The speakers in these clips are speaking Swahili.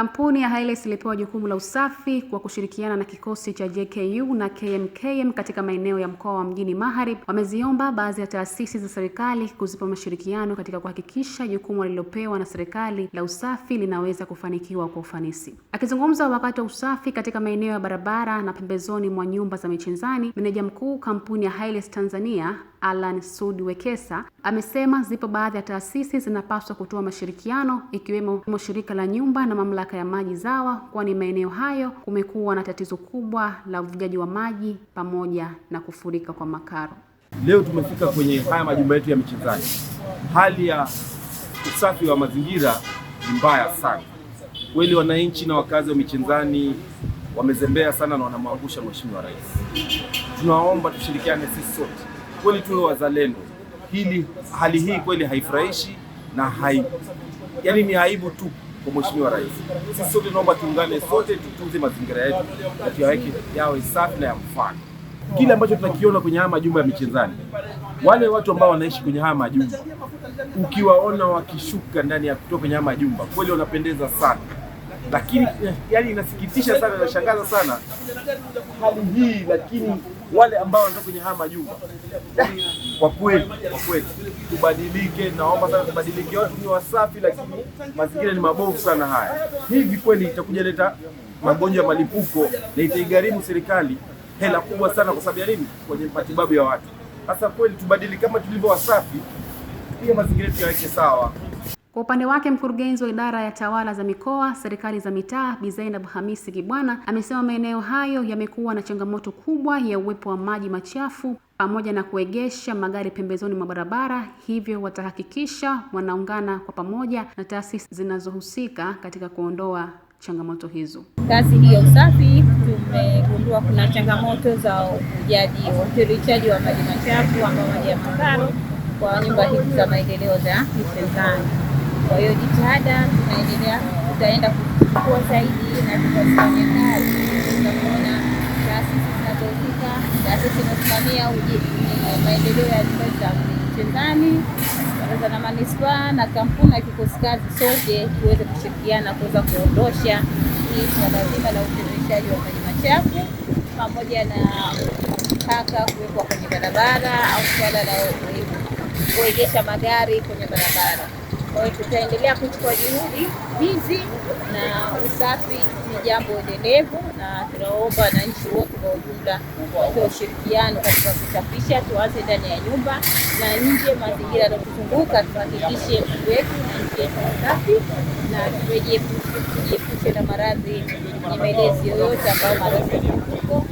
Kampuni ya Highlights ilipewa jukumu la usafi kwa kushirikiana na kikosi cha JKU na KMKM katika maeneo ya mkoa wa Mjini Magharibi. Wameziomba baadhi ya taasisi za serikali kuzipa mashirikiano katika kuhakikisha jukumu walilopewa na serikali la usafi linaweza kufanikiwa kwa ufanisi. Akizungumza wakati wa usafi katika maeneo ya barabara na pembezoni mwa nyumba za michinzani meneja mkuu kampuni ya Highlights Tanzania Alan Sudwekesa Wekesa amesema zipo baadhi ya taasisi zinapaswa kutoa mashirikiano ikiwemo shirika la nyumba na mamlaka ya maji ZAWA, kwani maeneo hayo kumekuwa na tatizo kubwa la uvujaji wa maji pamoja na kufurika kwa makaro. Leo tumefika kwenye haya majumba yetu ya michezaji, hali ya usafi wa mazingira ni mbaya sana kweli. Wananchi na wakazi wa Michenzani wamezembea sana na wanamwangusha Mheshimiwa Rais. Tunaomba tushirikiane sisi sote kweli tuwe wazalendo. Hili hali hii kweli haifurahishi na hai, yani ni aibu tu kwa Mheshimiwa Rais. Sisi sote tunaomba tuungane sote, tutunze mazingira yetu na tuyaweke yawe safi na ya mfano. Kile ambacho tunakiona kwenye haya majumba ya michezani, wale watu ambao wanaishi kwenye haya majumba, ukiwaona wakishuka ndani ya kutoka kwenye haya majumba, kweli wanapendeza sana lakini yani inasikitisha sana, inashangaza sana hali hii, lakini wale ambao wanatoka kwenye haya majumba kwa kweli, kwa kweli tubadilike, naomba sana tubadilike. Watu ni wasafi, lakini mazingira ni mabovu sana. Haya hivi kweli itakuja leta magonjwa ya malipuko na itaigharimu serikali hela kubwa sana. Kwa sababu ya nini? Kwenye matibabu ya watu. Sasa kweli tubadilike, kama tulivyo wasafi, pia mazingira tuyaweke sawa. Kwa upande wake mkurugenzi wa idara ya tawala za mikoa, serikali za mitaa, Bi Zainab Hamisi Kibwana amesema maeneo hayo yamekuwa na changamoto kubwa ya uwepo wa maji machafu pamoja na kuegesha magari pembezoni mwa barabara, hivyo watahakikisha wanaungana kwa pamoja na taasisi zinazohusika katika kuondoa changamoto hizo. Kazi hii ya usafi, tumegundua kuna changamoto za wa utiririshaji wa maji machafu ambao maji ya makaro kwa nyumba hizi za maendeleo za Misenzani. Kwa hiyo jitihada tunaendelea, tutaenda kuchukua zaidi na tutazifanyia kazi. Tutaona taasisi zinazohusika, taasisi inasimamia eh, maendeleo ya nyumba za mchezani baraza na manispaa na kampuni na kikosi kazi, sote tuweze kushirikiana kuweza kuondosha hii swala zima la utiririshaji wa maji machafu pamoja na taka kuwekwa kwenye barabara au swala la kuegesha magari kwenye barabara. Kwa hiyo tutaendelea kuchukua juhudi hizi, na usafi ni jambo endelevu, na tunaomba wananchi wote kwa ujumla watoe ushirikiano katika kusafisha. Tuanze ndani ya nyumba na nje, mazingira yanayotuzunguka tuhakikishe mji wetu na nchi yetu usafi na tujiepushe na maradhi nyemelezi yoyote ambayo maradhi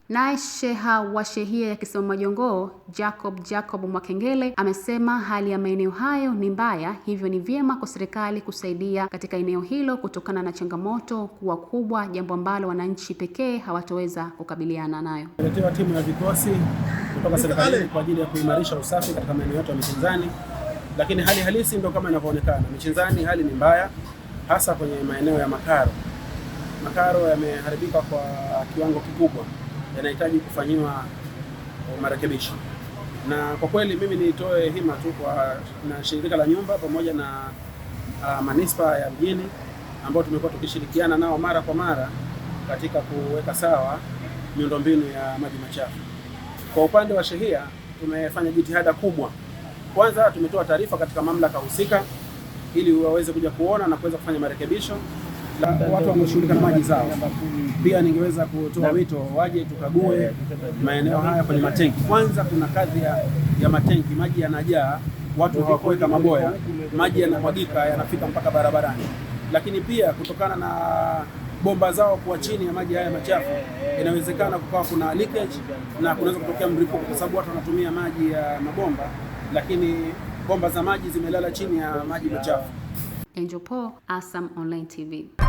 Naye sheha wa shehia ya Kisoma Majongoo Jacob Jacob Mwakengele amesema hali ya maeneo hayo ni mbaya, hivyo ni vyema kwa serikali kusaidia katika eneo hilo kutokana na changamoto kuwa kubwa, jambo ambalo wananchi pekee hawatoweza kukabiliana nayo. Tumetoa timu ya vikosi kutoka serikali kwa ajili ya kuimarisha usafi katika maeneo yote ya michinzani lakini hali halisi ndio kama inavyoonekana michinzani Hali ni mbaya, hasa kwenye maeneo ya makaro. Makaro yameharibika kwa kiwango kikubwa yanahitaji kufanyiwa marekebisho, na kwa kweli mimi nitoe hima tu kwa na shirika la nyumba pamoja na uh, ah, manispaa ya mjini ambao tumekuwa tukishirikiana nao mara kwa mara katika kuweka sawa miundombinu ya maji machafu. Kwa upande wa shehia tumefanya jitihada kubwa. Kwanza tumetoa taarifa katika mamlaka husika ili waweze kuja kuona na kuweza kufanya marekebisho la watu wanaoshughulika na maji zao. Pia ningeweza kutoa wito waje tukague maeneo haya kwenye matenki. Kwanza kuna kazi ya, ya matenki, maji yanajaa, watu hawakuweka maboya, maji yanamwagika yanafika mpaka barabarani. Lakini pia kutokana na bomba zao kuwa chini ya maji haya machafu, inawezekana kukawa kuna leakage na kunaweza kutokea mlipuko, kwa sababu watu wanatumia maji ya mabomba, lakini bomba za maji zimelala chini ya maji machafu. Angel Paul, ASAM Online TV.